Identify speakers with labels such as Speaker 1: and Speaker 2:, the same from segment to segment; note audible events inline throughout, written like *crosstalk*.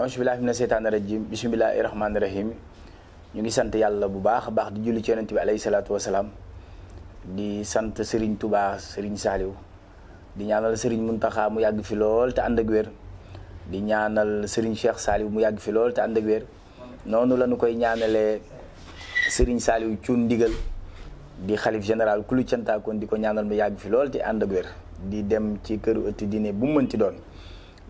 Speaker 1: auzu billaahi mina seytaani rajiim bismillaahi rahmaani rahiim ñu ngi sant yàlla bu baax a baax di julli ci yonent bi alayhi salaatu wasalaam di sant Serigne Touba Serigne saaliw di ñaanal Serigne Mountakha mu yàgg fi lool te ànd ak wér di ñaanal Serigne Cheikh Saliou mu yàgg fi lool te ànd noonu la koy ñaanalee Serigne Saliou Thioune ndigal di xalif général ku lu cantaakoon di ko ñaanal mu yàgg fi lool te ànd ak wér di dem ci këru ëtt diine bu mu mënti doon.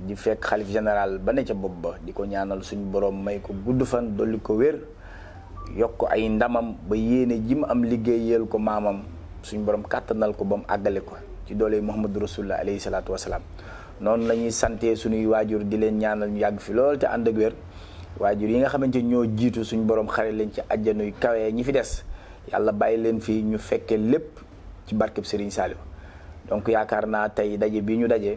Speaker 1: di fekk xalif général ba ne ca bopp ba di ko ñaanal suñu borom may ko gudd fan dolli ko wér yokk ay ndamam ba yéene ji mu am liggéeyal ko maamam suñu borom kàttanal ko ba mu àggale ko ci doole Muhammadu Rasulullah alayhi salaatu wasalaam noonu la ñuy santee suñuy waajur di leen ñaanal ñu yàgg fi lool te ànd ak wér waajur yi nga xamante ñoo jiitu suñu borom xare leen ci àjjanuy kawe ñi fi des yàlla bàyyi leen fii ñu fekkee lépp ci barkeb Serigne donc yaakaar naa tey daje bi ñu daje.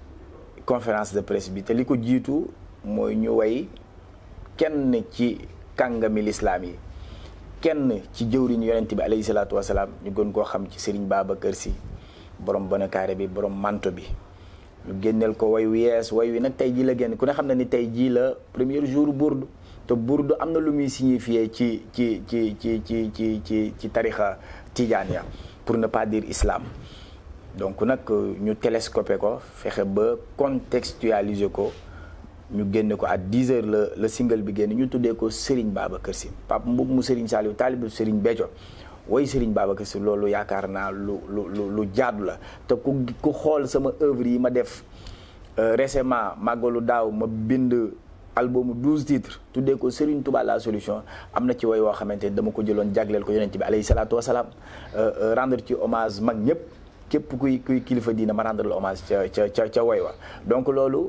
Speaker 1: conférence de presse bi té liko jitu moy ñu way kenn ci kangami l'islam yi kenn ci jëwriñu yaronte bi alayhi salatu wassalam ñu gën ko xam ci Serigne Babacar si borom carré bi borom manto bi ñu génneel ko way wiyes way wi nak tay ji la gën ku ne xam na ni tay ji la premier jour Bourd te Bourd am na lu muy signifier ci ci ci ci ci ci ci tarixa ya pour ne pas dire islam donc nag euh, ñu télescopé ko fexe ba contextualiser ko ñu génne ko à 10 heures le, le single bi génn ñu tuddee ko Serigne Babacar Sy Pape Mboup mu Serigne Saliou Talib Serigne Béthio woy Serigne Babacar Sy loolu yaakaar naa lu lu lu lu jaadu la te ku ku xool sama œuvre yi ma def euh, récemment màggalu daaw ma bind album 12 titres tuddee ko Serigne Touba la solution am na ci woy woo xamante dama ko jëloon jagleel ko yonent bi alayhi Euh, euh, rendre ci hommage mag ñëpp képp kuy kuy kilifa diina ma rendre le ca ca ca ca woy wa donc loolu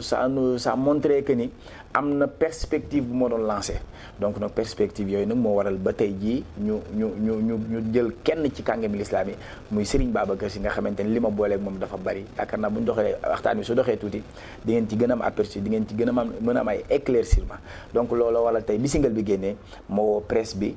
Speaker 1: saa euh, nous ça montré que ni am na perspective bu ma doon lancé donc nag perspective yooyu nag moo waral ba tey jii ñu ñu ñu ñu ñu jël kenn ci kàngami lislaam yi muy Serigne Babacar Sy nga xamante ni li ma booleeg moom dafa bari yaakaar naa bu ñu doxee waxtaan bi su doxee tuuti di ci gën a am aperçu di ngeen ci gën a am mën a am ay éclaircissement donc loolu waral tey bi single bi génnee moo woo presse bi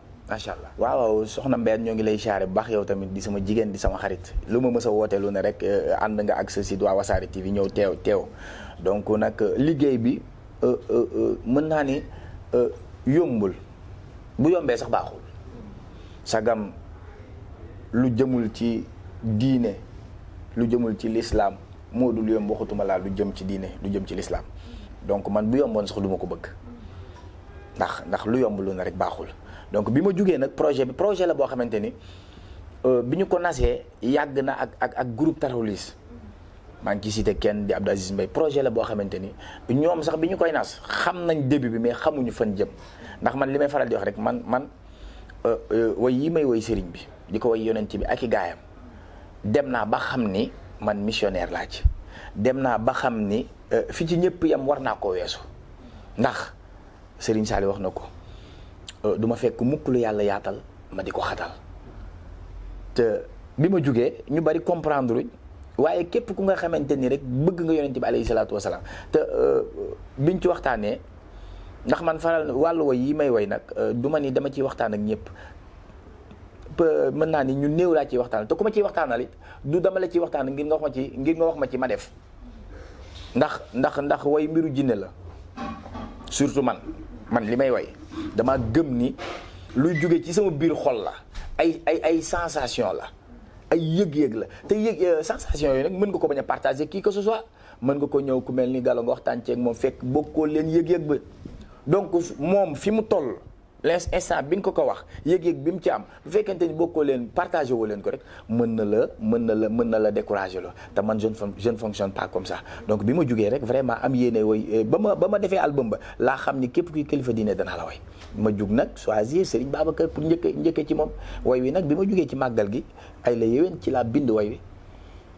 Speaker 1: macha allah waaw waaw soxna Mbène ñoo ngi lay siyaare bu baax yow tamit di sama jigéen di sama xarit lu ma mës a woote lu ne rek eh, ànd nga ak sa site waa Wassare TV ñëw teew teew donc nag liggéey bi eh, eh, mën naa ni yombul bu yombee sax baaxul sagam lu jëmul ci diine lu jëmul ci lislaam moo dul yomb waxutuma laa lu jëm ci diine lu jëm ci lislaam donc man bu yomboon sax du ko bëgg ndax ndax lu yomb lu ne rek baaxul donc bi ma jugee nag projet bi projet la boo xamante ni euh, bi ñu ko nasee yàgg na ak ak ak groupe Tarawlis maa ngi ciy cité kenn di Abdou Aziz Mbaye projet la boo xamante ni ñoom sax bi ñu koy nas xam nañ début bi mais xamuñu fan jëm ndax man li may faral di wax rek man man euh, euh, way yi may woy sëriñ bi di ko way yonent bi ak i gaayam dem naa ba xam ni man missionnaire laa ci dem naa ba xam ni fi ci ñëpp yam war naa ko weesu ndax sëriñ Saliou wax na ko Euh, du ma fekk mukk lu yàlla yaatal ma di ko xatal te bi ma jógee ñu bari comprendre waaye képp ku nga xamante ni rek bëgg nga yonent bi alayhi salaatu wasalaam te euh, biñ ci waxtaanee ndax man faral wàllu woy yi may woy nag euh, du ma ni dama ciy waxtaan ak ñëpp mën naa ni ñu néew laa ciy waxtaan te ku ma ciy waxtaanal it du ciy waxtaan ngir nga ci ngir nga wax ma ci ma def ndax ndax ndax woy mbiru jinne la surtout man man li may woy dama gëm ni luy jóge ci sama biir xol la ay ay ay sensation la ay yëg-yëg la te yëg euh, sensation yooyu nag mën nga koo bañ a partager kii que soit mën nga koo ñëw ku mel ni Gallo nga waxtaan ceeg moom fekk bokkoo leen yëg-yëg ba donc moom fi mu toll les instant bi nga ko ko wax yëg-yëg bi mu ci am bu fekkente ni bokkoo leen partagé woo leen ko na la mën na la mën na la découragé la te man je ne je ne fonctionne pas comme ça donc bi ma jugee rek vraiment am yéene woy euh, ba ma ba ma defee album ba laa xam ni képp kuy kilifa diine danaa la way ma jug nak choisir Serigne Babacar pour njëkkee njëkkee ci moom way wi nak bi ma jugee ci màggal gi ay la yéwén ci l'a bind way wi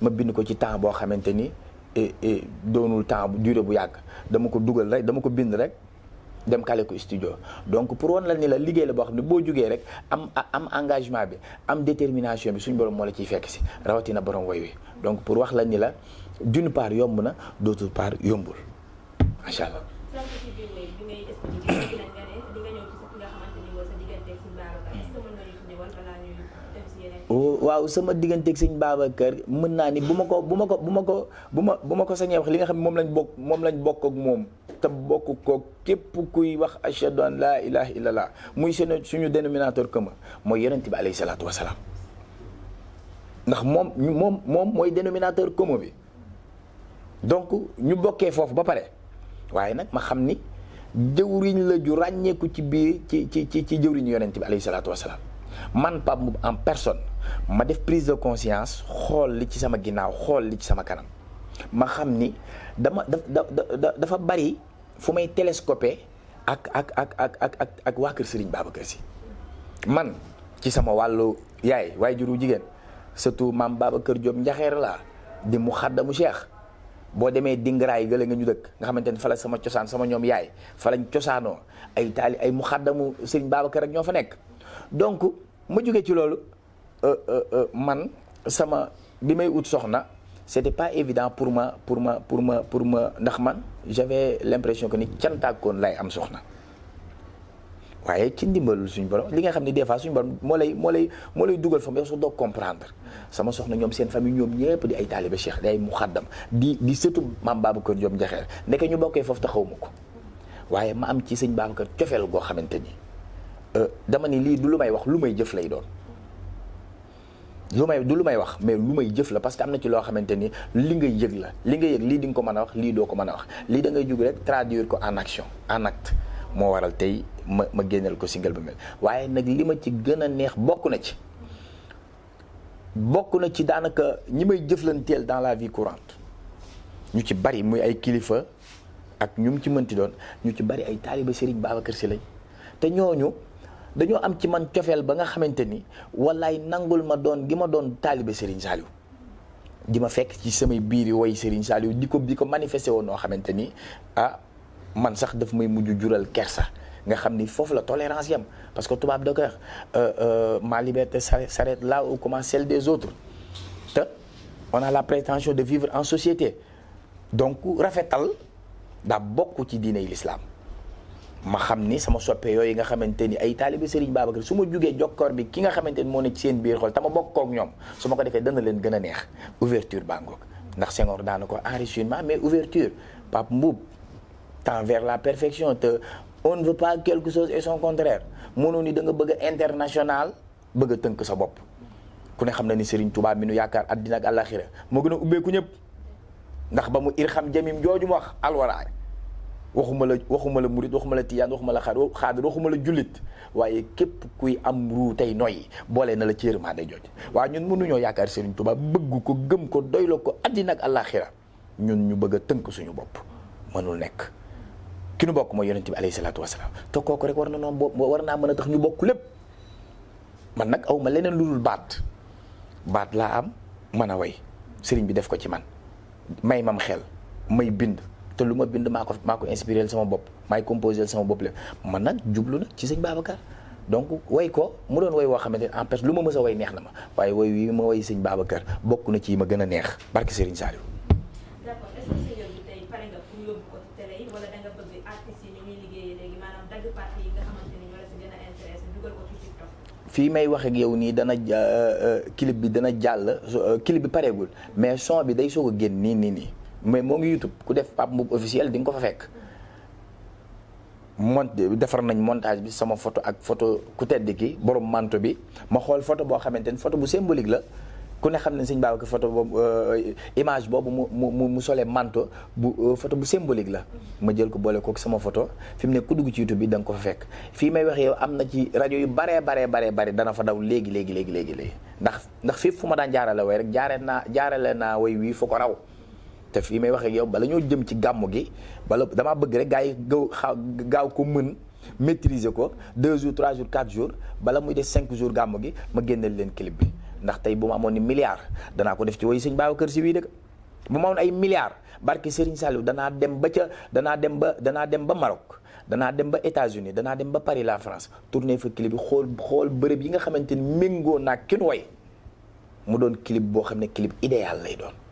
Speaker 1: ma bind ko ci temps boo xamante et donul temps bu durée bu yag. dama ko dougal rek dama ko bind rek dem kale ko studio donc pour woon la ni la liggéey la boo xam ne boo jugee rek am am engagement bi am détermination bi suñ borom moo la ciy fekk si rawatina borom woy wi donc pour wax la ni la d'une part yomb na d'autre part yombul macha allah. waaw sama digganteeg sëñ kër mën naa ni bu ma ko bu ma ko bu ma ko bu ma bu ma ko sañee wax li nga xam ne moom lañ bokk moom lañ bokk ak moom te bokk ko képp kuy wax ashhadu an laa ilaha illallah muy seen suñu dénominateur commun mooy yonent bi alayhi salaatu wasalaam ndax moom moom moom mooy dénominateur commun bi donc ñu bokkee foofu ba pare waaye nag ma xam ni jëwriñ la ju ràññeeku ci biir ci ci ci ci jëwriñ yonent bi alayhi salaatu wasalaam man pas en personne ma def prise de conscience xool li ci sama ginaaw xool li ci sama kanam ma xam ni dama dafa bari fu may télescopé ak ak ak ak ak ak ak waa Serigne Babacar si man ci sama walu yaay waaye juru jigéen surtout mam Babacar Diop njaxeer la di mu xaddamu Cheikh boo demee dingaraay gële nga ñu dëkk nga xamanteni ni fa la sama cosaan sama ñom yaay fa lañ cosaanoo ay taali ay mu Serigne Babacar rek ñoo fa donc ma jóge ci loolu euh, euh, euh, man sama bi may ut soxna c'était pas évident pour ma pour ma pour ma pour ma ndax man j'avais l'impression que ni cantaakoon lay am soxna waaye ci ndimbalul suñu borom li nga xam ne des fois suñu borom moo lay moo lay moo lay dugal fam yow sax doo comprendre sama soxna ñoom seen famille ñoom ñëpp di ay taaliba cheikh di ay muxaddam di di sëtu maam kër Diop Njaxeer ndeke ñu bokkee foofu taxaw ma ko waaye ma am ci sëñ Babacar cofeel goo xamante ni Euh, dama ni lii du lu may wax lu may jëf lay doon lu may may wax mais lu may jëf la parce que am na ci loo xamante ni li nga yëg la li nga yëg lii di nga ko mën a wax lii doo ko mën a wax lii da jug rek traduire ko en action moo waral tey ma ma génneel ko single bu mel waaye nag li ma ci gën a neex bokk na ci bokk na ci daanaka ñi may jëflanteel dans la vie courante ñu ci bari muy ay kilifa ak ñu mu ci mënti doon ñu ci bari ay taaliba Serigne Babacar si lañ te ñooñu. dañu am ci man cofeel ba nga xamanteni wallay nangul ma doon gima ma doon talibé Serigne Saliou dima fekk ci samay biir yi way Serigne Saliou diko ko manifesté ah man sax daf may muju jural kersa nga xamni ni la tolérance yam parce que tubaab da euh euh ma liberté s'arrête là où commence celle des autres te on a la prétention de vivre en société donc rafetal da bokku ci diiney l'islam ma xamni sama soppe yoy nga xamanteni ay talibé Serigne Babacar suma juggé jokkor bi ki nga xamanteni mo ne ci sen biir xol tama bokko ak ñom suma ko défé dana leen gëna neex ouverture bangok ndax Senghor danako enrichissement mais ouverture pap mbub tant vers la perfection te on ne veut pas quelque chose et son contraire mono ni da nga bëgg international bëgg teunk sa bop ku ne xam na ni Serigne Touba mi nu adina ak alakhirah mo gëna ubbe ku ñep ndax ba mu irxam jamim jooju wax alwaraa waxuma la waxuma la murit waxuma la tiyaan waxuma la xaadir waxuma la jullit waaye képp kuy am ruu tey noyyi boole na la ci yërmande jooju waaye ñun mënuñoo yaakaar Serigne tubaab bëgg ko gëm ko doyloo ko àddina nag àllaaxira ñun ñu bëgg a tënk suñu bopp mënul nekk. ki nu bokk mooy yonent bi alayhi salaatu wasalaam te kooku rek war na noon boo war naa mën a tax ñu bokk lépp man nag awma leneen lu dul baat baat laa am man a way sëriñ bi def ko ci man may mam xel may bind te luma ma bind maa ko maa ko inspiré sama bopp maay composé sama bopp lépp man nag jublu na ci sëñ Babacar donc way ko mu doon way woo xamante ne en plus lu a way neex na ma waaye way wi ma way sëñ Babacar bokk na ci ma gën a neex barke Serigne Saliou. que sa yooyu tey pare nga pour yóbbu ko ci télé yi wala da nga bëgg artistes yi fii may wax ak yow nii dana euh, euh, clip bi dana jàll euh, clip bi mais son bi day soog a génn nii nii nii. mais moo ngi YouTube ku def Pape Mboup officiel di nga ko fa fekk mont defar nañ montage bi sama photo ak photo ku tedd ki borom manto bi ma xool photo boo xamante ni photo bu symbolique la ku ne xam ne sëñ Babacar photo boobu euh, image boobu mu mu mu solee manto bu euh, photo bu symbolique la ma jël ko boole kook sama photo fi mu ne ku dugg ci YouTube bi danga ko fa fekk fii may wax yow am na ci rajo yu baree baree baree bari dana fa daw léegi léegi léegi léegi léegi ndax ndax fii fu ma daan jaarale way rek jaare naa jaarale naa way wii fu ko raw te fii may waxee ak yow bala ñoo jëm ci gàmmu gi bala damaa bëgg rek gars yi gaaw gaaw ko mën maîtriser ko deux jours trois jours quatre jours bala muy des cinq jours gàmmu gi ma génneel leen clip bi ndax tey bu ma amoon ni milliard danaa ko def ci woyu baaw kër Si wii dëkk bu ma amoon ay milliards barke Serigne Saliou danaa dem ba ca danaa dem ba danaa dem ba Maroc danaa dem ba États-Unis danaa dem ba Paris la France tourné fa clip bi xool xool bërëb yi nga xamante ni méngoo naa kenn way mu doon clip boo xam ne clip idéal lay doon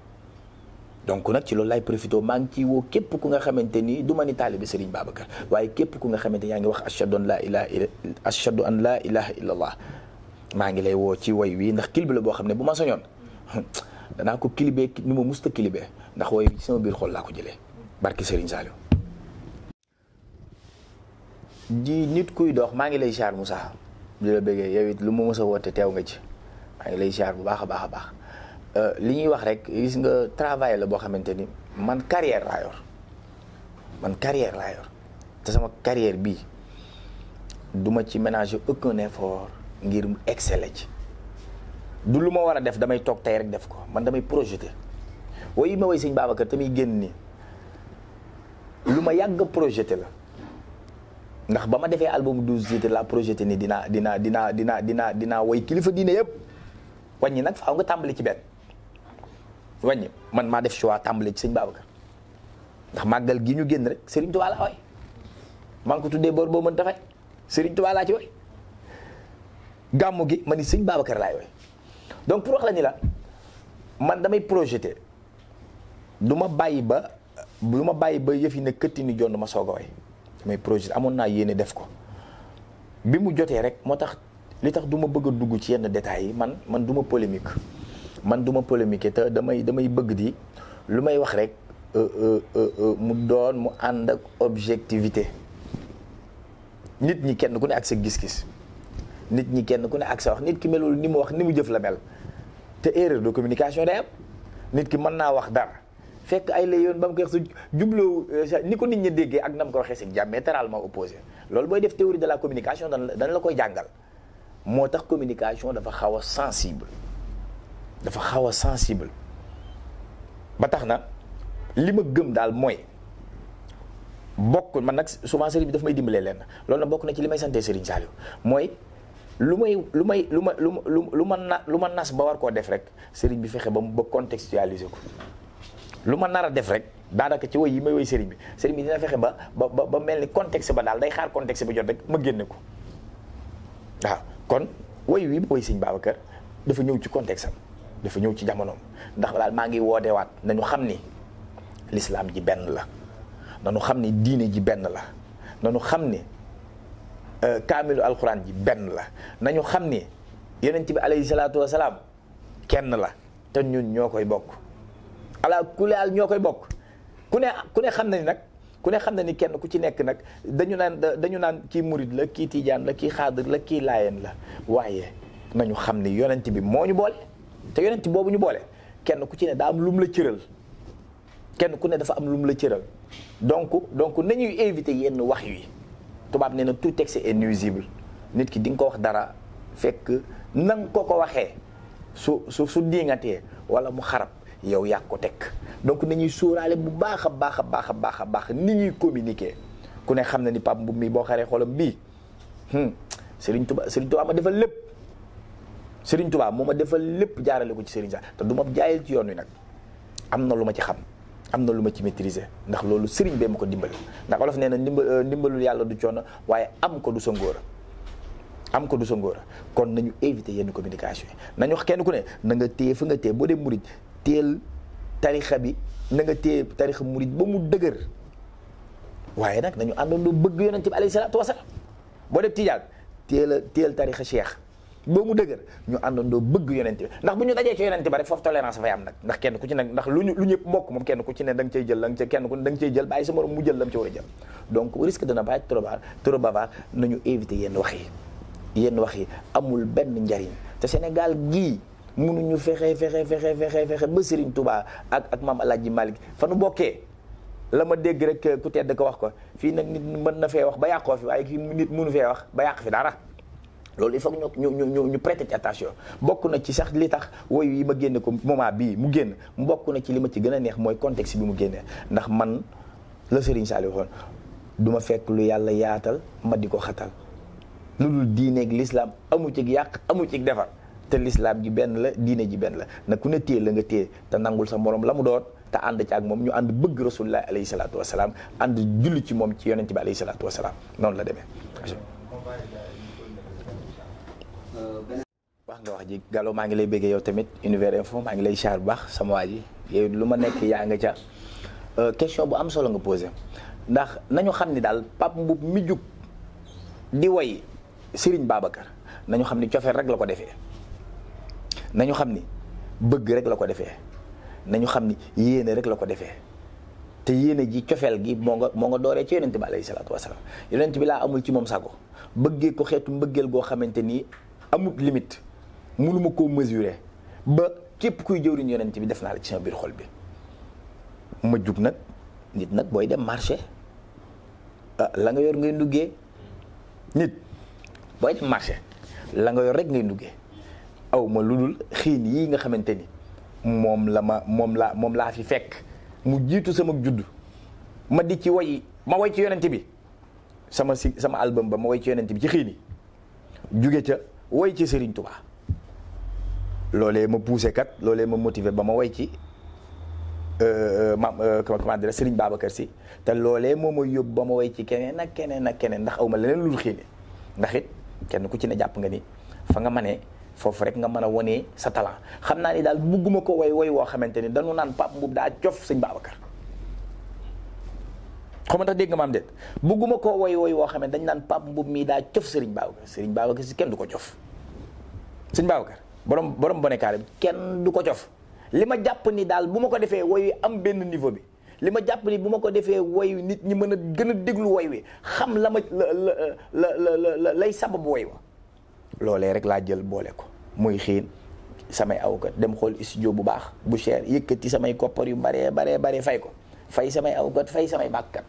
Speaker 1: donc nag ci loolu laay profité maa ngi ciy woo képp ku nga xamante ni du ma ni taalibe Serigne Babacar waaye képp ku nga xamante ni yaa ngi wax ashhadu an laa ilaha illa ashhadu an laa ilaha illallah maa ngi lay woo ci woy wi ndax kilibi la boo xam ne bu ma soñoon *laughs* danaa ko kilibee ni ma musta kilibee ndax woy wi ci sama biir xol laa ko jëlee barki Serigne Saliou di nit kuy dox maa ngi lay ziar Moussa di la bëggee yow it lu ma mës a woote teew nga ci maa ngi lay ziar bu baax a baax a baax Euh, li ñuy wax rek gis nga travail la boo xamante ni man carrière laa yor man carrière laa yor te sama carrière bii duma ci ménager aucun effort ngir mu exceller ci du lu ma war a def damay toog tey rek def ko man damay projeter woy yi ma woy sëñ Babacar tamit génn nii lu ma yàgg projeté la ndax ba ma defee album douze te la projeté nii dinaa dinaa dina dinaa dina dinaa woy kilifa diine yëpp wàññi nag faaw nga tàmbali ci benn wàññi man maa def choix tàmbale ci sëñ Babacar ndax màggal gi ñu génn rek Serigne Touba way maa ngi ko tuddee boor boo mën ta fay Serigne Touba laa ci way gàmmu gi ma ni sëñ Babacar laay way donc pour wax la ni la man damay projette duma bàyyi ba du ma bàyyi ba yëf yi ne këtti ni jonn ma soog a way damay projeté amoon naa yéene def ko bi mu jotee rek moo tax li tax du ma bëgg dugg ci yenn détails yi man man du ma polémique man du ma polémique te damay damay bëgg di lu may wax rek euh, euh, euh, mu doon mu ànd ak objectivité nit ñi kenn ku ne ak sa gis-gis nit ñi kenn ku ne ak sa wax nit ki melul ni mu wax ni mu jëf la mel te erreur de communication day am nit ki mën naa wax dara fekk ay la yoon ba mu koy wax su jubloo ko nit ñi déggee ak nam ko waxee si jàmm diamétralement opposé loolu booy def théorie de la communication dan la la koy jàngal moo tax communication dafa xaw a sensible dafa xaw a sensible ba tax na li ma gëm daal mooy bokk man nag souvent sëriñ bi dafa may dimbalee leen lool na bokk na ci li may sante sëriñ Saliou mooy lu may lu may lu ma lu lu ma na lu ma nas ba war koo def rek sëriñ bi fexe ba mu ba contextualiser ko lu ma nar a def rek daanaka ci woy yi may woy sëriñ bi sëriñ bi dina fexe ba ba ba mel ni contexte ba daal day xaar contexte ba jot rek ma génne ko waaw kon woy wi woy sëñ Babacar dafa ñëw ci contexte dafa ñëw ci jamonoom ndax daal maa ngi woodewaat nañu xam ni lislaam ji benn la nañu xam ni diine ji benn la nañu xam ni euh, kaamilu alxuraan ji benn la nañu xam ni yonent bi alayhi salaatu wasalaam kenn la te ñun ñoo koy bokk ala kulaal ñoo koy bokk ku ne ku ne xam na ni nag ku ne xam na ni kenn ku ci nekk nag dañu naan dañu naan kii murid la kii tiijaan kii xaadir la la waaye nañu xam ni yonent bi moo ñu boole te yonent boobu ñu boole kenn ku ci ne daa am lum la cëral kenn ku ne dafa am lum la cëral donc donc ñuy éviter yenn wax yi tubaab ne na tout texte est nuisible nit ki di nga ko wax dara fekk nang ko ko waxee su su su diingatee wala mu xarab yow yaa ko teg donc ñuy sóoraale bu baax a baax a baax a baax a baax ni ñuy communiquer ku ne xam na ni Pape Mboup mi boo xaree xolam bii hmm, Serigne Touba Serigne Touba ma defal lépp. Serigne Touba moo ma defal lépp jaarale ko ci Serigne Saliou te du ma jaayal ci yoon yi nag am na lu ma ci xam am na lu ma ci maîtriser ndax loolu Serigne bee ma ko dimbali ndax olof nee na ndimba euh, ndimbalul yàlla du coono waaye am ko du sa ngóora am ko du sa ngóora kon nañu éviter yenn communication yi nañu wax kenn ku ne na nga téye fa nga téye boo dee murit teel tarixa bi na nga téye tarixa murit ba mu dëgër waaye nag na àndandoo bëgg yonent bi alayhi salaatu wasalaam boo def tijaan téel a téel tarixa cheikh boo mu dëgër ñu àndandoo bëgg yonent bi ndax bu ñu dajee ci yonent ba rek foofu tolérance fay am nag ndax kenn ku ci ne ndax lu ñu lu ñëpp bokk moom kenn ku ci ne da nga cay jël la nga ca kenn ku ne da nga cay jël bàyyi sa morom mu jël la mu ci war a jël donc yenn wax yi yenn wax yi amul benn njariñ te Sénégal gii mënuñu fexe fexe fexe fexe fexe ba Serigne Touba ak ak maam ji Hadj Malick fa nu bokkee la ma dégg rek ku tedd ko wax ko fii nag nit mën na fee wax ba yàqoo fi waaye nit mënu fee wax ba fi dara loolu il faut ñu ñu ñu ñu prêter ci attention bokk na ci sax li tax woyu yi ma génne ko moment bii mu génn bokk na ci li ma ci gën a neex mooy contexte bi mu génnee ndax man la Serigne Saliou waxoon du fekk lu yàlla yaatal ma di ko xatal lu dul diineeg lislaam amu ci yàq amu ci defar te lislaam ji benn la diine ji benn la na ku ne téye la nga téye te nangul sa morom la mu doot te ànd ci ak moom ñu ànd bëgg rasulullah alayhi salaatu wasalaam ànd julli ci moom ci yonent bi alayhi salaatu wasalaam noonu la demee wax nga wax ji Gallo maa ngi lay bëggee yow tamit Univers Info maa ngi lay char bu baax sama waa ji yow lu ma nekk yaa nga ca euh, question bu am solo nga posé ndax nañu xam ni daal Pape Mboup mi jug di way Serigne Babacar nañu xam ni cofeel rek la ko defee nañu xam ni bëgg rek la ko defee nañu xam ni yéene rek la ko defee te yéene ji cofeel gi moo nga moo nga dooree ci yonent bi alayhi salaatu wasalaam yonent bi laa amul ci moom sago bëggee ko xeetu mbëggeel goo xamante nii amut limite mënuma koo mesure ba képp kuy jëwriñ yonent bi def naa la ci sama biir xol bi ma jug nag nit nag booy dem marché ah, la nga yor ngay nduggee nit booy dem marché la nga yor rek ngay nduggee aw ma lu dul xiin yii nga xamante ni moom la ma moom laa moom laa fi fekk mu jiitu sama judd ma di ci woy ma woy ci yonent bi sama si sama album ba ma woy ci yonent bi ci xiin yi juge ca woy ci Serigne Touba loole ma poussé kat loole ma motivé ba ma woy ci euh, euh, ma euh, comment dire Serigne Babacar Sy te loole moo ma yóbbu ba ma woy ci keneen ak keneen ak keneen ndax aw ma leneen lu xiine ndax it kenn ku ci ne jàpp nga ni fa nga mënee foofu rek nga mën a wonee sa talent xam naa ni daal bugguma ko woy woy woo xamante ni dañu naan Pape Mboup daa cof Serigne Babacar xam ma tax dégg nga maam de bëgguma koo woy woy woo xam ne dañ naan Pape Mboup mii daa cof Serigne Babacar Serigne Babacar si kenn du ko cof Serigne Babacar borom borom bonekaare bi kenn du ko cof li ma jàpp ni daal bu ma ko defee woyu am benn niveau bi li ma jàpp ni bu ma ko defee woyu nit ñi mën a gën a déglu woy wi xam la ma la la la la lay sababu woy wa loolee rek laa jël boole ko muy xiin samay awkat dem xool studio bu baax bu cher yëkkati samay koppar yu baree baree bare fay ko fay samay awkat fay samay bàkkat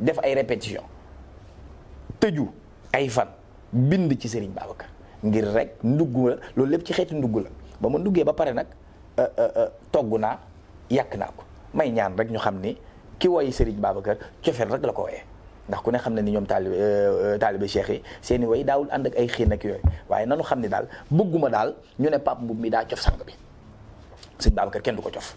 Speaker 1: def ay répétition tëju ay fan bind ci sëriñ Babacar ngir rek ndugg la loolu lépp ci xeeti ndugg la ba ma nduggee ba pare nag euh, euh, euh, togg naa yàq naa ko may ñaan rek ñu xam ni ki woy Serigne Babacar cofeel rek la ko woyee ndax ku ne xam ne ni ñoom taalibe taalibe cheikh yi seen i daawul ànd ak ay xiin ak yooyu waaye nanu xam ne daal bëgguma daal ñu ne Pape Mboup mi daa cof sang bi Serigne Babacar kenn du ko cof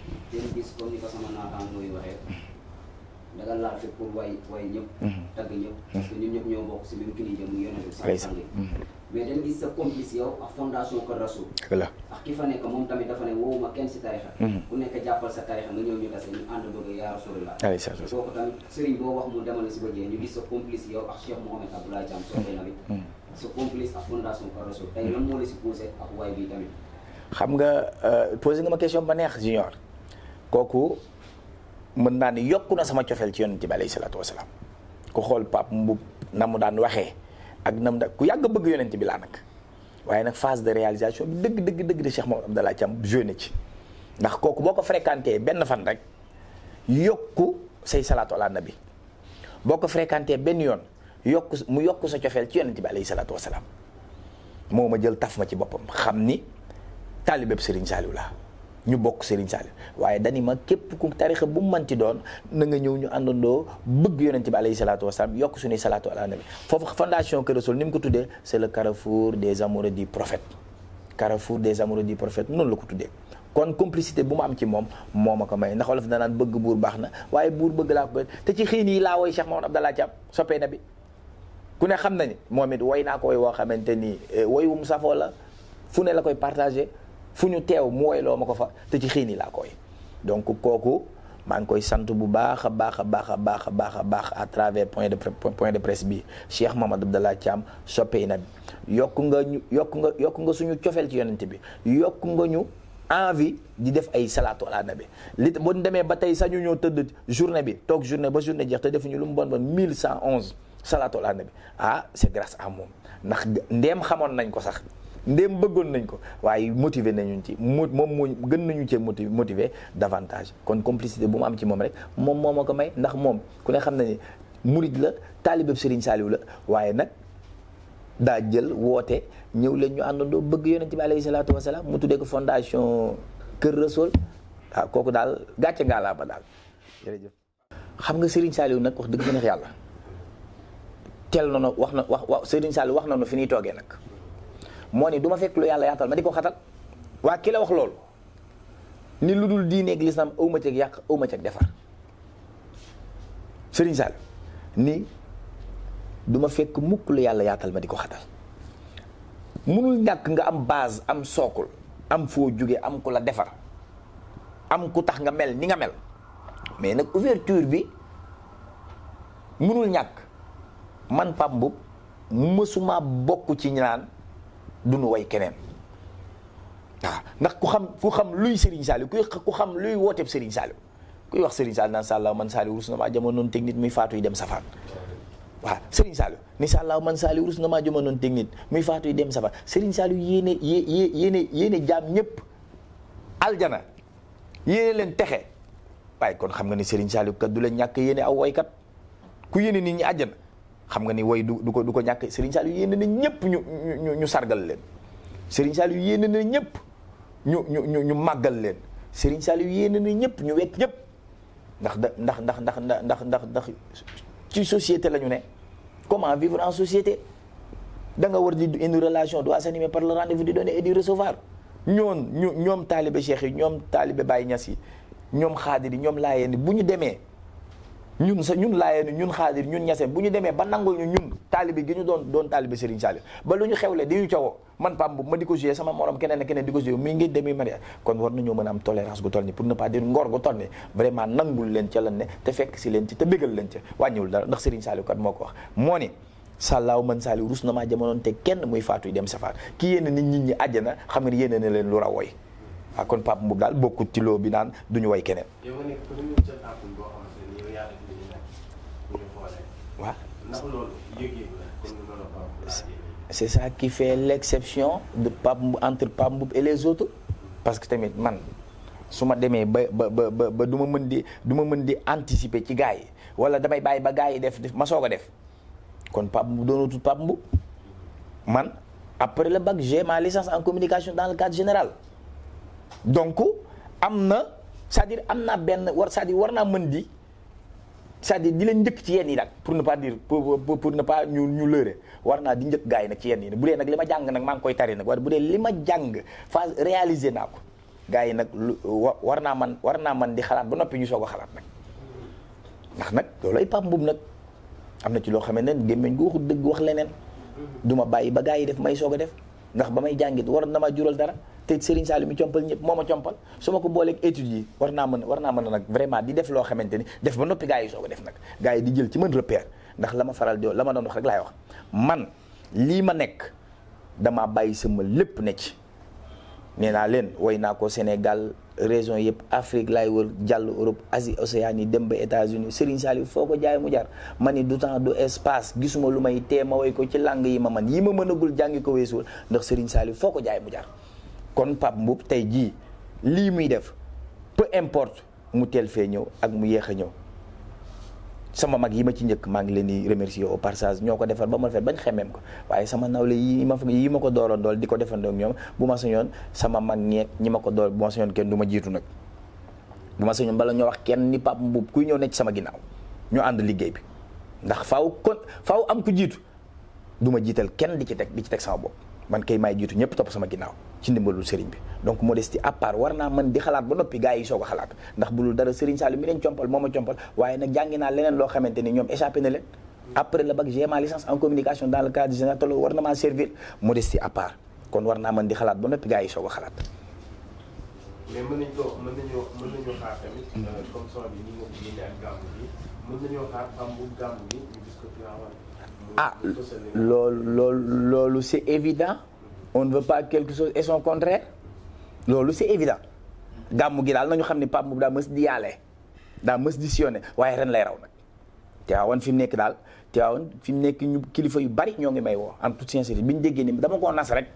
Speaker 1: ten bis comme ni ko sama naataangoo yu waxee daga laal fi pour way way ñëpp tagg ñëpp parce que ñun ñëpp ñoo bokk si même kilifa mu yonent bi sa sangi mais dañ gis sa complice yow ak fondation fa nekk moom tamit dafa ne woowuma kenn si tarixa mm-hmm. ku nekk jàppal sa tarixa nga ñëw ñu tase ñu ànd bëgg yaa Rasulullah kooku tamit sëriñ boo wax mu demal si ba jee ñu gis sa complice yow ak Cheikh Mohamed Abdoulaye Thiam soxna Nabi mm-hmm. sa complice ak fondation Kër Rasoul tey lan mm-hmm. moo la si posé ak waay bi tamit xam nga uh, posé nga neex junior kooku mën naa ni yokk na sama cofeel ci yonent bi alayhi salaatu wasalaam ku xool Pape Mboup na mu daan waxee ak na mu daan ku yàgg bëgg yonent bi laa nag waaye nag phase de réalisation bi dëgg dëgg dëgg de Cheikh Mamadou Abdallah Thiam jeune ci ndax kooku boo ko fréquenté benn fan rek yokku say salaatu boo ko fréquenté benn yoon yokku mu yokku sa cofeel ci yonent bi alayhi moo ma jël taf ma ci boppam xam ni taalibeeb Serigne Saliou laa ñu bokk Serigne Saliou waaye dani ma képp ku tarixa bu mu manti doon na nga ñëw ñu àndandoo bëgg yonent bi alayhi salaatu wasalaam yokk suñuy salaatu ala nabi foofu fondation Kër Rassoul ni mu ko tuddee c'est le carrefour des amoureux du prophète carrefour des amoureux du prophète noonu la ko tuddee kon complicité bu mu am ci moom moom ma ko may ndax wolof danaan bëgg buur baax na waaye buur bëgg laa ko te ci xiin yi laa woy Cheikh Mamadou Abdallah Thiam soppee na bi ku ne xam na ni moom woy naa ko woy xamante ni eh, woy wu mu safoo la fu ne la koy partagé fu ñu teew mu woyloo ma ko fa te ci xiini laa koy donc kooku maa ngi koy sant bu baax a baax a baax a baax a baax a baax à travers point de point de presse bi Cheikh Mamadou Abdallah Thiam soppe na bi yokk nga ñu yokk nga yokk nga suñu cofeel ci yonent bi yokk nga ñu envie di def ay salaatu ala nabi li bu ñu demee ba tey sax ñu ñoo tëdd journée bi toog journée ba journée jeex te defuñu lu mu bon bon 1111 salaatu ala nabi ah c'est grâce à moom ndax ndeem xamoon nañ ko sax ndéem bëggoon nañ ko waaye motiver nañu ci mo moom moo gën nañu cee motiver motiver davantage kon complicité bu mu am ci moom rek moom moo ma ko may ndax moom ku ne xam na ni murid la taalibab Serigne Saliou la waaye nag daa jël woote ñëw leen ñu àndandoo bëgg yonent bi alayhi salaatu wasalaam mu tuddee ko fondation Kër Rassoul waaw kooku daal gàcce ngaalaa ba daal jërëjëf xam nga Serigne Saliou nag wax dëgg fa neex yàlla teel na no wax na wax Serigne Saliou wax na fi ñuy toogee nag moo ni duma ma fekk lu yàlla yaatal ma di ko xatal waa kii la wax loolu ni lu dul diineeg lislaam awma cëg yàq awma cëg defar Sëriñ Sall ni du fekk mukk lu yàlla yaatal ma di ko xatal munul ñàkk nga am base am sookul am foo jóge am ku la defar am ku tax nga mel ni nga mel mais nag ouverture bi munul ñàkk man pam Mboup mësuma bokk ci ñaan du nu keneen waaw ndax ku xam ku xam luy Serigne Saliou kuy ku xam luy wooteeb Serigne Saliou kuy wax Serigne Saliou naan Saliou man Saliou rus na maa jamonoon teg nit muy dem safaan waaw Serigne Saliou ni Saliou man Saliou rus na maa jamonoon teg nit muy faatuy dem safaan Serigne Saliou yéene yé yéene yéene jaam ñëpp aljana yéene leen texe waaye kon xam nga ni Serigne Saliou kat du la ñàkk yéene aw woykat ku yéene nit ñi àjjana xam nga ni woy du du ko du ko ñàkk Serigne Saliou yéene na ñëpp ñu ñu ñu sargal leen Serigne Saliou yéene na ñëpp ñu ñu ñu ñu màggal leen Serigne Saliou yéene na ñëpp ñu wekk ñëpp ndax da ndax ndax ndax ndax ndax ndax ci société la ñu ne comment vivre en société da nga war di une relation du doit s'animer par le rendez-vous di donner et di recevoir ñu ñoom taalibe cheikh yi ñoom taalibe Baye Niass yi ñoom xaadir yi ñoom laa laayeen bu ñu demee ñun sa ñun laayeen ñun xaadir ñun ñaseen bu ñu demee ba nangul ñu ñun taalibi gi ñu doon doon taalibi Serigne ba lu ñu xewle di ñu cawoo man pam bu ma di ko joué sama morom keneen keneen ni pour ni vraiment nangul leen ca lan moo ko wax moo ni sàllaaw man Saliou rus na maa jamonoon te kenn muy faatuy dem safar ki yéene nit ñi ñi àjjana xam ne yéene na leen lu rawoy waaw kon Pape Mboup daal bokkut ci bi naan du duñu way keneen c'est ça qui fait l'exception de entre Pambou et les autres parce que tu man su je anticiper gars je damay ba def ma def kon tout man après le bac j'ai ma licence en communication dans le cadre général donc amna, c'est-à-dire amna ben cest à war sa à di leen njëkk ci yenn yi nag pour ne pas dire pour ne pas ñu ñu lëre war naa di njëkk gars yi nag ci yenn yi nag bu dee nag li ma jàng nag maa ngi koy tari nag war bu dee li ma jàng phase réalisé naa ko gars yi nag lu war naa man war naa man di xalaat ba noppi ñu soog a xalaat nag ndax nag loolu ay pam mbub nag am na ci loo xam ne gémmiñ gu waxut dëgg wax leneen du ma bàyyi ba gars yi def may soog a def ndax ba may jàngit war na ma jural dara te Serigne Saliou compal ñëpp moo ma compal su ma ko booleeg études yi war naa mën war naa mën a nag vraiment di def loo xamante ni def ba noppi gars yi soo ko def nag gars yi di jël ci mën repère ndax la ma faral di la ma doon wax rek laay man lii ma nekk damaa bàyyi sama lépp ne nee naa leen woy naa ko Sénégal région yëpp Afrique laay wër jàll Europe Asie Océanie dem ba États-Unis Serigne Saliou foo ko jaay mu jar ma ni du temps du espace gisuma lu may tee ma woy ko ci langue yi ma man yi ma mënagul agul jàngi ko weesuwul ndax Serigne Saliou foo ko jaay mu jar kon Pape Mboup tey jii lii muy def peu importe mu teel fee ñëw ak mu yéex a ñëw sama mag yi ma ci njëkk maa ngi leen di remercier au passage ñoo ko defar ba ma rafet bañ xemeem ko waaye sama nawle yi ma yi ma ko dooroon dool di ko defandoo ak bu ma sañoon sama mag ñeeg ñi ma ko dool bu sañoon kenn du ma jiitu nag bu ma sañoon bala ñoo wax kenn ni Pape kuy ñëw ne ci sama ginnaaw ñoo ànd liggéey bi ndax faw kon faaw am ku jiitu duma ma jiital kenn di ci teg di ci teg sama bopp man kay maay jiitu ñëpp topp sama ginnaaw ci ndimbalul sëriñ bi donc modestie à part war naa man di xalaat ba noppi gaa yi soog a xalaat ndax bu dul dara sëriñ saa mi leen compal moo ma compal waaye nag jàngi naa leneen loo xamante ni ñoom échappé na leen après le bac j'ai ma licence en communication dans le cadre kon war naa mën di xalaat ba noppi gars yi soog a euh, bi ni nga ko jëndee ak gàmmu bi ah, loolu loolu loolu évident. on ne veut pas quelque chose et son contraire loolu c'est évident gàmmu gi dal nañu xamni pap mu da daa mës di yaalee daa mës di sillonné waaye ren lay raw nak Tiwaawan fim nek dal daal fim nek ñu kilifa yu bari ñoo ngi may wo en toute sincérité bi déggé déggee ni dama ko nas rek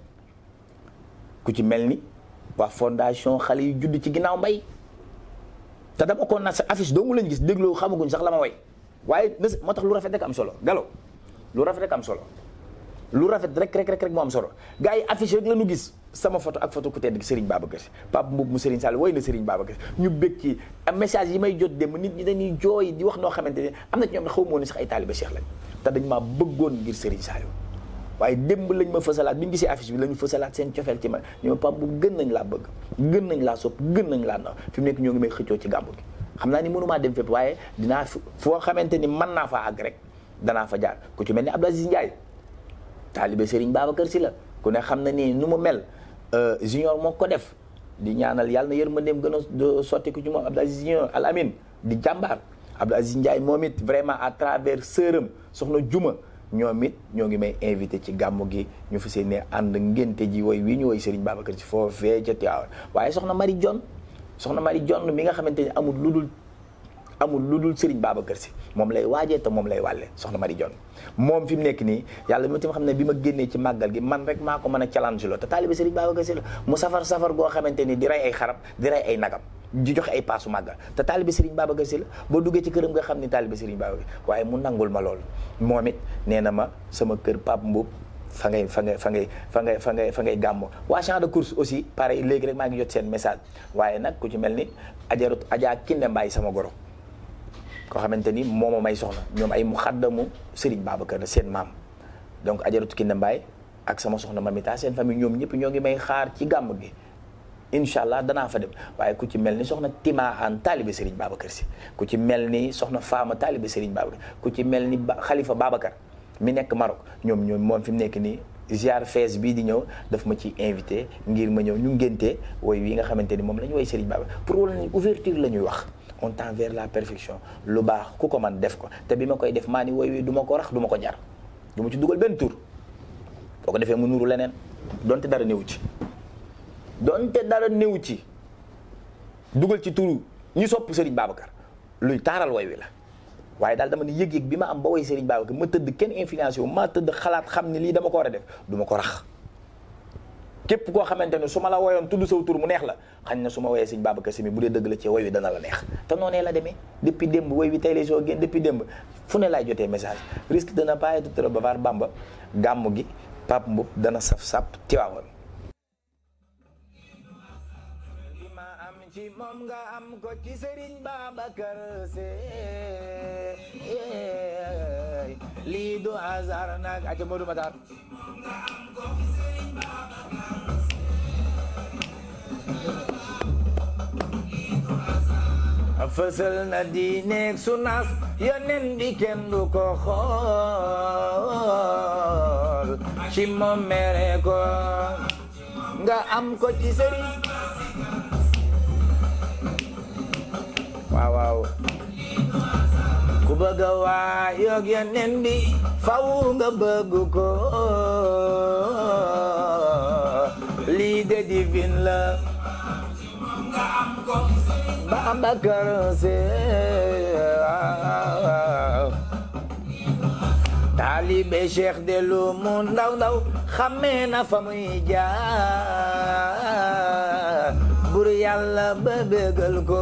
Speaker 1: ku ci melni wa fondation xale yu judd ci ginaaw mbay ta dama ko nas affiche doomu lañ gis dégloo xamaguñ sax lama ma way waaye moo lu rafet rek am solo galo lu rafet rek am solo lu rafet rek rek rek moo am solo gars yi affiche rek la ñu gis sama photo ak photo ku tedd Serigne Babacar Sy Pape Mboup mu Serigne Sall woy na Serigne Babacar ñu bëgg yi may jot dem nit ñi dañuy jooy di wax noo xamante ne am na ci xaw moo ne sax ay taaliba Cheikh lañ te dañ maa bëggoon ngir Serigne Saliou waaye démb lañ ma fësalaat bi ñu gisee affiche bi la ñu fësalaat seen cofeel ci man ñu ma Pape Mboup gën nañ laa bëgg gën nañ laa sopp gën nañ laa na fi mu nekk ñoo ngi may xëccoo ci gàmbu gi xam naa ni mënumaa dem fépp waaye dinaa foo xamante ni mën naa faa àgg rek danaa fa jaar ku ci mel ni Abdou Aziz Ndiaye taalibe Serigne Babacar si la ku ne xam na ni nu mu mel euh, junior moo ko def di ñaanal yàlla na yërmandeem gën a sotti ko ci moom Abdou Aziz junior al amin di jàmbaar Abdou Aziz Ndiaye moom it vraiment à travers sëram soxna Juma ñoom it ñoo ngi may invité ci gàmmu gi ñu fi seen ne ànd ngénte ji woy wi ñu woy Serigne Babacar Sy foofee ca Tiwaawan waaye soxna Marie John soxna Marie John mi nga xamante ni amul lu dul amul lu dul Serigne Babacar Sy moom lay waajee te moom lay walle soxna ma Marie Dione moom fi mu nekk nii yàlla mi tam xam ne bi ma génnee ci màggal gi man rek maa ko mën a challenge loo te taalibe Serigne Babacar Sy la mu safar safar goo xamante ni di rey ay xaram di rey ay nagam di joxe ay paasu màggal te taalibe Serigne Babacar Sy la boo duggee ci këram nga xam ni taalibe Serigne Babacar waaye mu nangul ma lool moom nee na ma sama kër Pape Mboup fa ngay fa ngay fa ngay fa ngay fa ngay fa ngay gàmmo waa champ de course aussi pareil léegi maa ngi jot seen message waaye nag ku ci mel ni ajarut ajaa kinde mbaay sama goro koo xamante ni moomam ay soxna ñoom ay mu xaddamu Serigne Babacar la seen maam donc ajaratu Kiné mbaay ak sama soxna Mamita seen famille ñoom ñëpp ñoo ngi may xaar ci gàmm gi incha allah danaa fa dem waaye ku ci mel ni soxna Tima An taalibe Serigne Babacar si ku ci mel ni soxna Fama taalibe Serigne Babacar ku ci mel ni Khalifa Babacar mi nekk Maroc ñoom ñoom moom fi mu nekk nii ziar fees bii di ñëw daf ma ci invité ngir ma ñëw ñu ngénte woy wi nga xamante ni moom la ñu woy Serigne Babacar pour wala la ñuy wax on tend vers la perfection lu baax ku ko man def ko te bi ma koy def maa ni woy wi duma ko rax du ma ko jar du ma ci dugal benn tur boo ko defee mu nuru leneen donte dara néew ci donte dara néew ci dugal ci turu ñu sopp Serigne Babacar luy taaral woy wi la waaye daal dama ne yëg-yëg bi ma am ba woy Serigne Babacar ma tëdd kenn influence wu ma tëdd xalaat xam ne lii dama ko war a def duma ko rax képp koo xamante ne su ma la woyoon tudd saw tur mu neex la xañ na su ma woyee sëñ Babacar Sy mi bu dee dëgg la ci woy wi dana la neex te noonee la demee depuis démb woy wi tey les jours génn depuis démb fu ne laay jotee message risque dana ne pas être trop bavard Bamba gàmm gi Pape Mboup dana saf sap Tiwaawan ci moom nga am ci Sëriñ Babacar Sy lii du fësal na diineeg sunaas yonen bi kenn du ko xool ci moom mere ko nga am ko ci sëriñ waaw waaw ku bëgg waa yonen bi faw nga bëgg ko lii de divine la Babacar Se taalibe Cheikh de lu mu ndaw ndaw xamee na fa muy jaar ba bëggal ko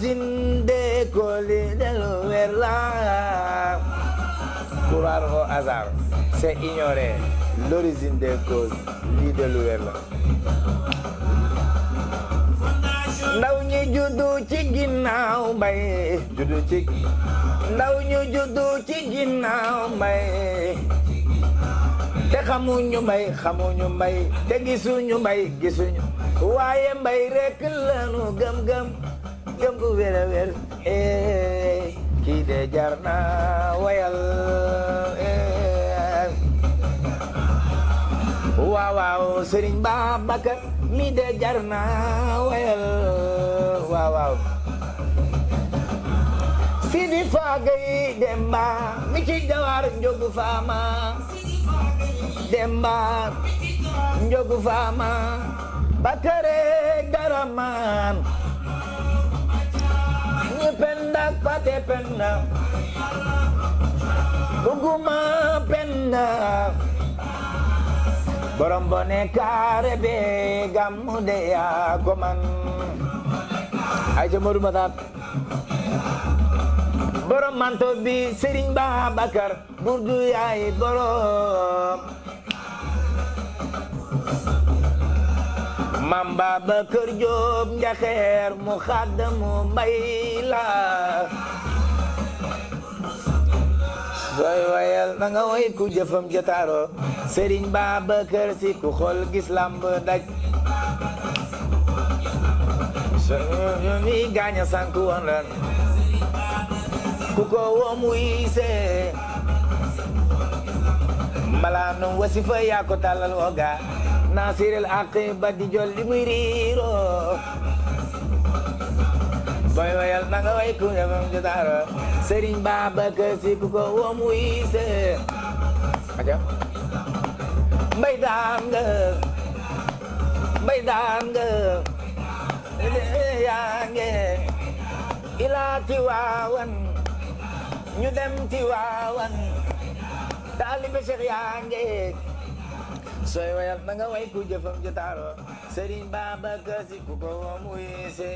Speaker 1: si d'école yi dellu weer la croire au hasard la ndaw ñu juddu ci ginnaaw mbay juddu ci ndaw ñu juddu ci te gisuñu mbay gisuñu waaye mbay rek lanu gëm-gëm gëm gu wér a eh, kii de jar na wayal eh waaw waaw sëriñ Babacar mi de jar na wayal waaw waaw Sidi Faga yi mi ci jawar njogu faama Demba njogu faama Bakare Garaman penda pate penda bëgguma penda borom bone kaare be gammu de yaa ko man ay ca Modou Matar borom manto bi Serigne Babacar Burdu yaay borom maam Babacar Jóob njaxeer mu xaddamu mbay la sooy wayal na way ku jëfam jotaaro sëriñ Babacar si ku xool gis làmb daj soo mi gaaña sànk woon lan ku ko woom wiisee mbalaanum wasifa yaa ko tàllal oga ناصر العاقبة di jolli muy riiroo boy wayal nanga way ku defam jotaaro Sëriñ Babacar Si ku ko woo muy se daan nga mbay daan nga yaa nge ilaa Tiwaawan ñu dem Tiwaawan taalibe Cheikh yaa nge sooy wayal na nga way ku jëfam ju taaro Serigne Babacar Sy ku ko woo mu yéese